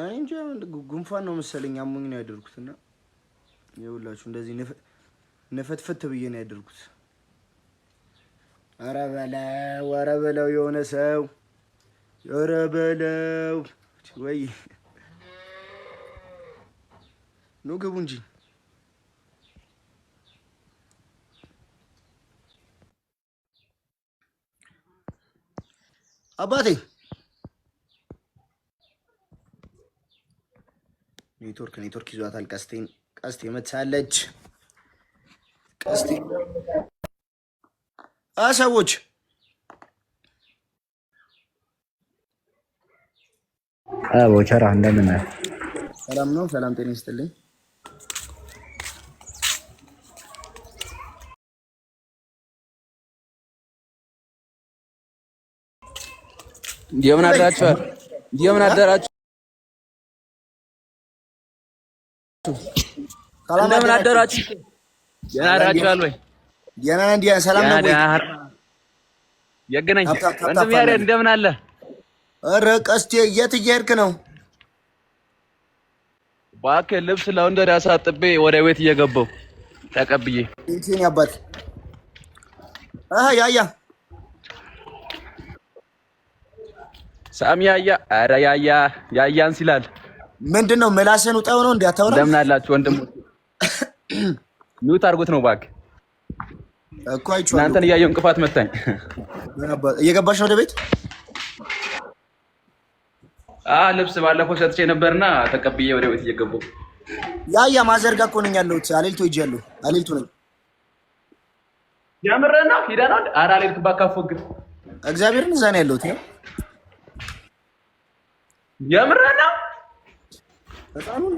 እንጂ ጉንፋን ነው መሰለኝ አሞኝ ነው ያደርኩት። እና የውላችሁ እንደዚህ ንፈትፈት ብዬ ነው ያደርኩት። ኧረ በለው ኧረ በለው የሆነ ሰው ኧረ በለው ወይ ኖ ግቡ እንጂ አባቴ ኔትወርክ ኔትወርክ ይዟታል። ቀስቴን ቀስቴ መትሳለች። ቀስቴ ሰዎች ቦቸራ እንደምን ሰላም ነው? ሰላም ጤና ይስጥልኝ። እንደምን አደራችኋል? እንደምን አደራችሁ? እንደምን አደራችሁ? ደህና አድራችኋል ወይ? ደህና እንዲ ሰላም ነው ወይ? የገናኝ ወንድም ያሬ እንደምን አለ? ኧረ ቀስቴ የት እየሄድክ ነው? እባክህ ልብስ ለወንደር ያሳጥቤ ወደ ቤት እየገባሁ ተቀብዬ እንትን ያባት አሃ ያያ ሳሚ ያያ ኧረ ያያ ያያን ሲላል ምንድን ነው ምላስህን ውጣው ነው እንዲያታው ነው። ለምን አላችሁ ወንድሙ ሚውት አድርጎት ነው ባክ እኮ አይቼዋለሁ። እናንተን እያየሁ እንቅፋት መታኝ። እየገባሽ ነው ወደ ቤት? አዎ ልብስ ባለፈው ሰጥቼ ነበርና ተቀብዬ ወደ ቤት እየገባሁ ያ ያ ማዘርጋ ጋር እኮ ነኝ ያለሁት። አሌልቶ ሄጃለሁ። አሌልቱ ነኝ። የምርህን ነው? ሂደህ ነው? ኧረ አሌልቱ እባክህ እግዚአብሔርን እዛ ነው ያለሁት። ነው ህፃኑን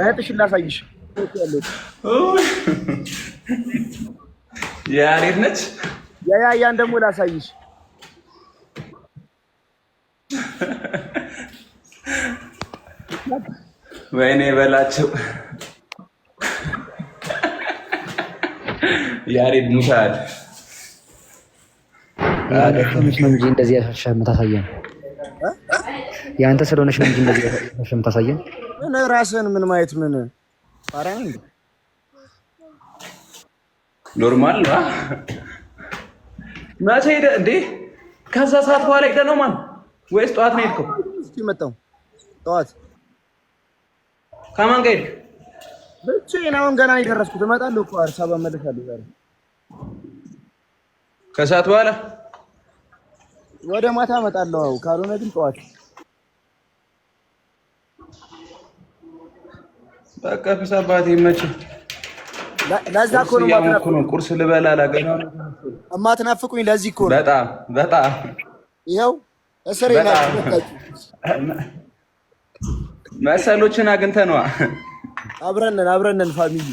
እህትሽን ላሳይሽ። ያሬድ ነች። ያያን ደግሞ ላሳይሽ። ወይኔ በላቸው። ያሬድ ሙታል ነው እንጂ እንደዚህ የምታሳየን የአንተ ስለሆነች ነው እንጂ እንደዚህ የምታሳየን ራስን ምን ማየት ምን ኖርማል ነው። መቼ ሄደ እንዴ? ከዛ ሰዓት በኋላ ሄደ ነው ማን ወይስ ጠዋት ነው ሄድከው? መጣው ጠዋት። ከማን ጋር ሄድክ? ብቻዬን። አሁን ገና የደረስኩት እመጣለሁ እኮ አዲስ አበባ እመለሳለሁ ዛሬ ከሰዓት በኋላ ወደ ማታ እመጣለሁ። ካልሆነ ግን ጠዋት በቃ ፍስ አባቴ ለዛ እኮ ነው ቁርስ ልበላ ላገኝ እማትናፍቁኝ። ለዚህ እኮ ነው በጣም በጣም ይኸው መሰሎችን አብረንን አብረንን ፋሚሊ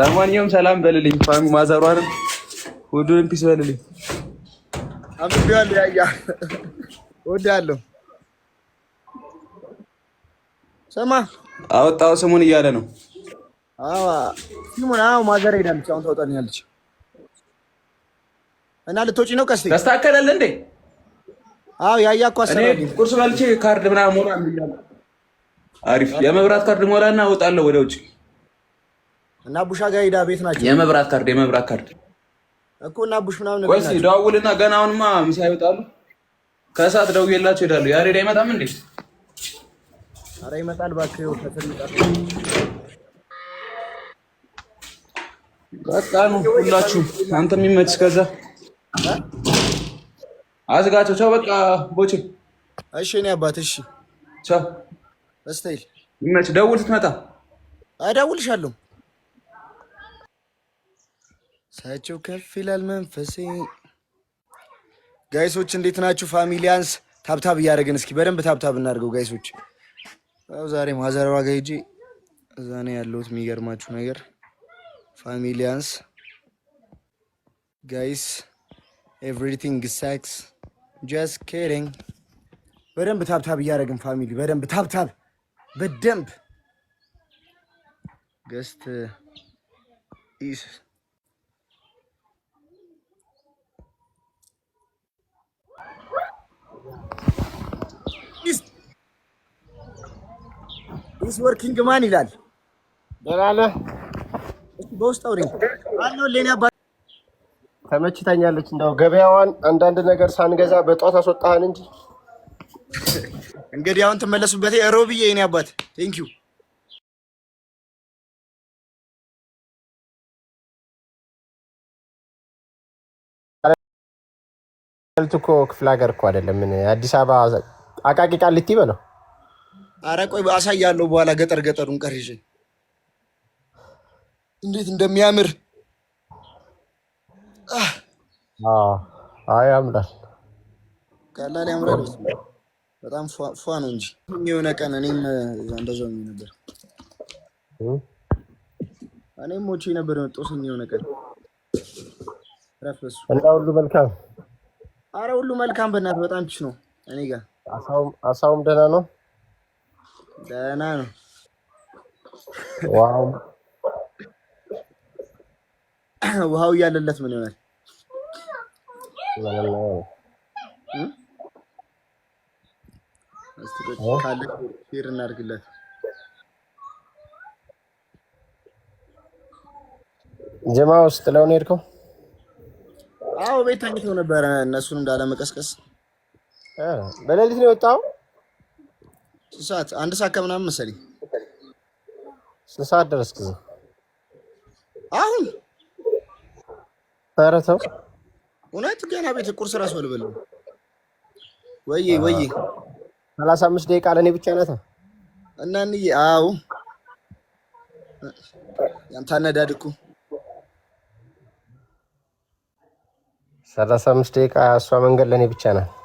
ለማንኛውም ሰላም በልልኝ ፋሚ ሁሉንም ፒስ በልልኝ። ያያ ወዳለሁ ስማ አወጣው ስሙን እያለ ነው። አዎ ስሙን አዎ፣ ማዘር ሄዳለች አሁን ታወጣልኛለች። እና ልትወጪ ነው? ቀስቴ ተስተካከለል እንዴ? አዎ ያያ እኮ እኔ ቁርስ በልቼ ካርድ ምናምን ሞላ። አሪፍ የመብራት ካርድ ሞላና እወጣለሁ ወደ ውጭ። እና ቡሻ ጋር ሄዳ ቤት ናቸው። የመብራት ካርድ የመብራት ካርድ እኮ እና ቡሽ ምናምን ነው። ወይስ ደዋውልና ገና አሁንማ ምሳ ይወጣሉ። ከሰዓት ደውዬላቸው ሄዳለሁ። ያሬድ አይመጣም እንዴ? አረ ይመጣል እባክህ። በቃ ነው ሁላችሁ። አንተ የሚመችስ ከዛ አዝጋቸው። ቻው በቃ ቦቼ። እሺ እኔ አባት እሺ፣ ቻው እስታይል ይመች። ደውል ስትመጣ እደውልልሻለሁ። ሳያቸው ከፍ ይላል መንፈሴ። ጋይሶች እንዴት ናችሁ? ፋሚሊያንስ ታብታብ እያደረግን እስኪ በደንብ ታብታብ እናድርገው ጋይሶች። ያው ዛሬ ማዘር ዋጋ ሄጄ እዛ ነው ያለሁት። የሚገርማችሁ ነገር ፋሚሊያንስ ጋይስ ኤቭሪቲንግ ሳክስ ጀስት ኬሪንግ በደንብ ታብታብ እያደረግን ፋሚሊ በደንብ ታብታብ በደንብ ገስት ኢስ ኢስ ወርኪንግ ማን ይላል። ደላለህ በውስጥ አውሪኝ አሎ ለኔ አባ ተመችታኛለች። እንደው ገበያዋን አንዳንድ ነገር ሳንገዛ በጧት አስወጣህን እንጂ እንግዲህ አሁን ትመለሱበት ሮብዬ፣ የኔ አባት ቴንክ ዩ እኮ ክፍለ ሀገር እኮ አይደለም ምን አዲስ አበባ አቃቂ ቃሊቲ በለው አረ ቆይ አሳያለሁ በኋላ ገጠር ገጠሩን ቀሪዤ እንዴት እንደሚያምር አይ ያምራል። ቀላል ያምራል። በጣም ፏ ነው እንጂ የሆነ ቀን እኔም እንደዛው ነበር እኔም ሞቼ ነበር ጦስኝ የሆነ ቀን ረፍሱ እና ሁሉ መልካም። አረ ሁሉ መልካም። በእናትህ በጣም ች ነው እኔ ጋር አሳውም ደህና ነው። ደህና ነው። ውሃው እያለለት ምን ይሆናል? ካለ ፌር እናድርግለት። ጀማ ውስጥ ለውን ሄድከው? አዎ ቤት ተኝተው ነበረ። እነሱን እንዳለመቀስቀስ በሌሊት ነው የወጣው። ሰዓት አንድ ሰዓት ከምናምን መሰለኝ ስንት ሰዓት ደረስክ? አሁን ኧረ ተው እውነት ገና ቤት ቁርስ እራሱ አልበላሁም። ወይ ወይ ሰላሳ አምስት ደቂቃ ለእኔ ብቻ ናት እና እንዬ አዎ ያንተ አነዳድ እኮ ሰላሳ አምስት ደቂቃ እሷ መንገድ ለእኔ ብቻ ናት።